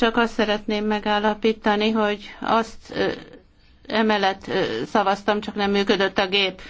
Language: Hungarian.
Csak azt szeretném megállapítani, hogy azt emellett szavaztam, csak nem működött a gép.